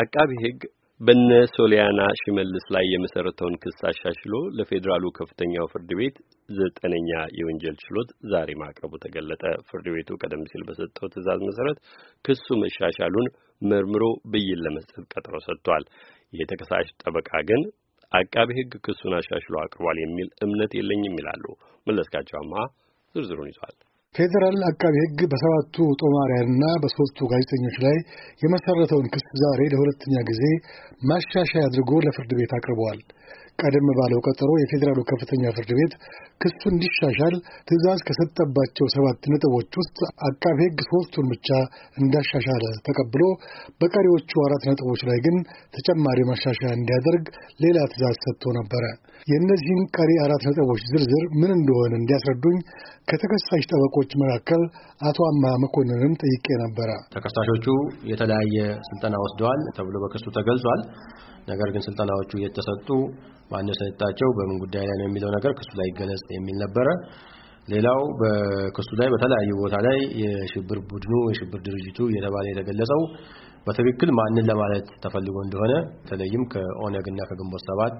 አቃቢ ሕግ በነ ሶሊያና ሽመልስ ላይ የመሰረተውን ክስ አሻሽሎ ለፌዴራሉ ከፍተኛው ፍርድ ቤት ዘጠነኛ የወንጀል ችሎት ዛሬ ማቅረቡ ተገለጠ። ፍርድ ቤቱ ቀደም ሲል በሰጠው ትዕዛዝ መሰረት ክሱ መሻሻሉን መርምሮ ብይን ለመስጠት ቀጠሮ ሰጥቷል። የተከሳሽ ጠበቃ ግን አቃቢ ሕግ ክሱን አሻሽሎ አቅርቧል የሚል እምነት የለኝም ይላሉ። መለስካቸው ዝርዝሩን ይዟል። ፌዴራል አቃቤ ሕግ በሰባቱ ና በሦስቱ ጋዜጠኞች ላይ የመሠረተውን ክስ ዛሬ ለሁለተኛ ጊዜ ማሻሻያ አድርጎ ለፍርድ ቤት አቅርበዋል። ቀደም ባለው ቀጠሮ የፌዴራሉ ከፍተኛ ፍርድ ቤት ክሱ እንዲሻሻል ትዕዛዝ ከሰጠባቸው ሰባት ነጥቦች ውስጥ አቃቤ ሕግ ሶስቱን ብቻ እንዳሻሻለ ተቀብሎ በቀሪዎቹ አራት ነጥቦች ላይ ግን ተጨማሪ ማሻሻያ እንዲያደርግ ሌላ ትዕዛዝ ሰጥቶ ነበረ። የእነዚህን ቀሪ አራት ነጥቦች ዝርዝር ምን እንደሆነ እንዲያስረዱኝ ከተከሳሽ ጠበቆች መካከል አቶ አማ መኮንንን ጠይቄ ነበረ። ተከሳሾቹ የተለያየ ስልጠና ወስደዋል ተብሎ በክሱ ተገልጿል። ነገር ግን ስልጠናዎቹ እየተሰጡ ማን የሰጣቸው በምን ጉዳይ ላይ ነው የሚለው ነገር ክሱ ላይ ይገለጽ የሚል ነበረ። ሌላው በክሱ ላይ በተለያዩ ቦታ ላይ የሽብር ቡድኑ የሽብር ድርጅቱ እየተባለ የተገለጸው በትክክል ማንን ለማለት ተፈልጎ እንደሆነ በተለይም ከኦነግ እና ከግንቦት ሰባት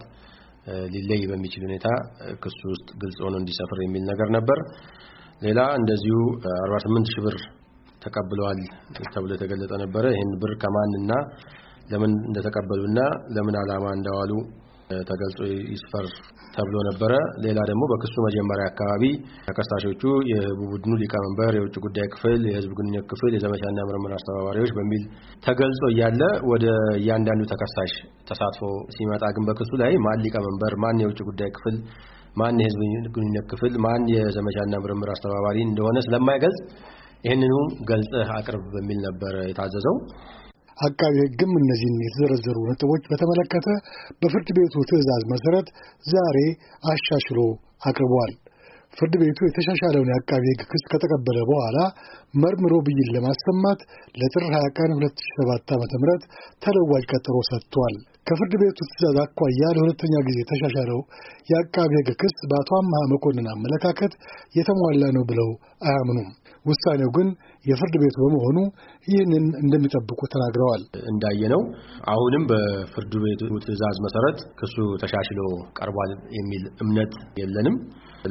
ሊለይ በሚችል ሁኔታ ክሱ ውስጥ ግልጽ ሆኖ እንዲሰፍር የሚል ነገር ነበር። ሌላ እንደዚሁ 48 ሺህ ብር ተቀብለዋል ተብሎ የተገለጸ ነበረ። ይህን ብር ከማንና ለምን እንደተቀበሉና ለምን ዓላማ እንደዋሉ ተገልጾ ይስፈር ተብሎ ነበረ። ሌላ ደግሞ በክሱ መጀመሪያ አካባቢ ተከሳሾቹ የህቡ ቡድኑ ሊቀመንበር፣ የውጭ ጉዳይ ክፍል፣ የህዝብ ግንኙነት ክፍል፣ የዘመቻና ምርምር አስተባባሪዎች በሚል ተገልጾ እያለ ወደ እያንዳንዱ ተከሳሽ ተሳትፎ ሲመጣ ግን በክሱ ላይ ማን ሊቀመንበር፣ ማን የውጭ ጉዳይ ክፍል፣ ማን የህዝብ ግንኙነት ክፍል፣ ማን የዘመቻና ምርምር አስተባባሪ እንደሆነ ስለማይገልጽ ይህንኑ ገልጽህ አቅርብ በሚል ነበር የታዘዘው። አቃቢ ሕግም እነዚህን የተዘረዘሩ ነጥቦች በተመለከተ በፍርድ ቤቱ ትዕዛዝ መሠረት ዛሬ አሻሽሎ አቅርቧል። ፍርድ ቤቱ የተሻሻለውን የአቃቢ ሕግ ክስ ከተቀበለ በኋላ መርምሮ ብይን ለማሰማት ለጥር 20 ቀን 2007 ዓ.ም ተለዋጅ ቀጠሮ ሰጥቷል። ከፍርድ ቤቱ ትእዛዝ አኳያ ለሁለተኛ ጊዜ የተሻሻለው የአቃቢ ሕግ ክስ በአቶ አምሃ መኮንን አመለካከት የተሟላ ነው ብለው አያምኑም። ውሳኔው ግን የፍርድ ቤቱ በመሆኑ ይህንን እንደሚጠብቁ ተናግረዋል። እንዳየነው አሁንም በፍርድ ቤቱ ትእዛዝ መሰረት ክሱ ተሻሽሎ ቀርቧል የሚል እምነት የለንም።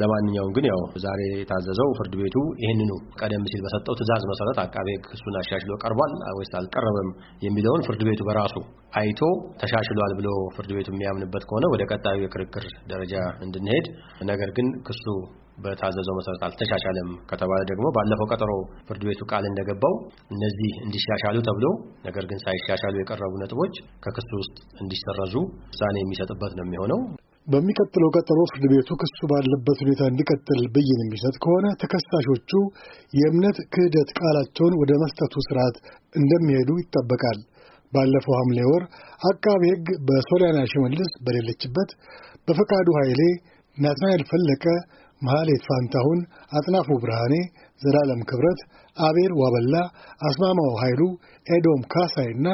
ለማንኛውም ግን ያው ዛሬ የታዘዘው ፍርድ ቤቱ ይህንኑ ቀደም ሲል በሰጠው ትእዛዝ መሰረት አቃቤ ክሱን አሻሽሎ ቀርቧል ወይስ አልቀረበም የሚለውን ፍርድ ቤቱ በራሱ አይቶ ተሻ ተሻሽሏል ብሎ ፍርድ ቤቱ የሚያምንበት ከሆነ ወደ ቀጣዩ የክርክር ደረጃ እንድንሄድ፣ ነገር ግን ክሱ በታዘዘው መሰረት አልተሻሻለም ከተባለ ደግሞ ባለፈው ቀጠሮ ፍርድ ቤቱ ቃል እንደገባው እነዚህ እንዲሻሻሉ ተብሎ ነገር ግን ሳይሻሻሉ የቀረቡ ነጥቦች ከክሱ ውስጥ እንዲሰረዙ ውሳኔ የሚሰጥበት ነው የሚሆነው። በሚቀጥለው ቀጠሮ ፍርድ ቤቱ ክሱ ባለበት ሁኔታ እንዲቀጥል ብይን የሚሰጥ ከሆነ ተከሳሾቹ የእምነት ክህደት ቃላቸውን ወደ መስጠቱ ስርዓት እንደሚሄዱ ይጠበቃል። ባለፈው ሐምሌ ወር አቃቤ ሕግ በሶሊያና ሽመልስ በሌለችበት በፈቃዱ ኃይሌ፣ ናትናኤል ፈለቀ፣ መሐሌት ፋንታሁን፣ አጥናፉ ብርሃኔ፣ ዘላለም ክብረት፣ አቤል ዋበላ፣ አስማማው ኃይሉ፣ ኤዶም ካሳይ እና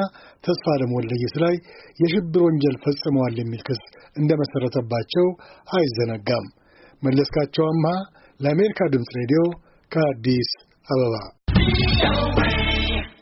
ተስፋ ወልደየስ ላይ የሽብር ወንጀል ፈጽመዋል የሚል ክስ እንደመሠረተባቸው አይዘነጋም። መለስካቸው አምሃ ለአሜሪካ ድምፅ ሬዲዮ ከአዲስ አበባ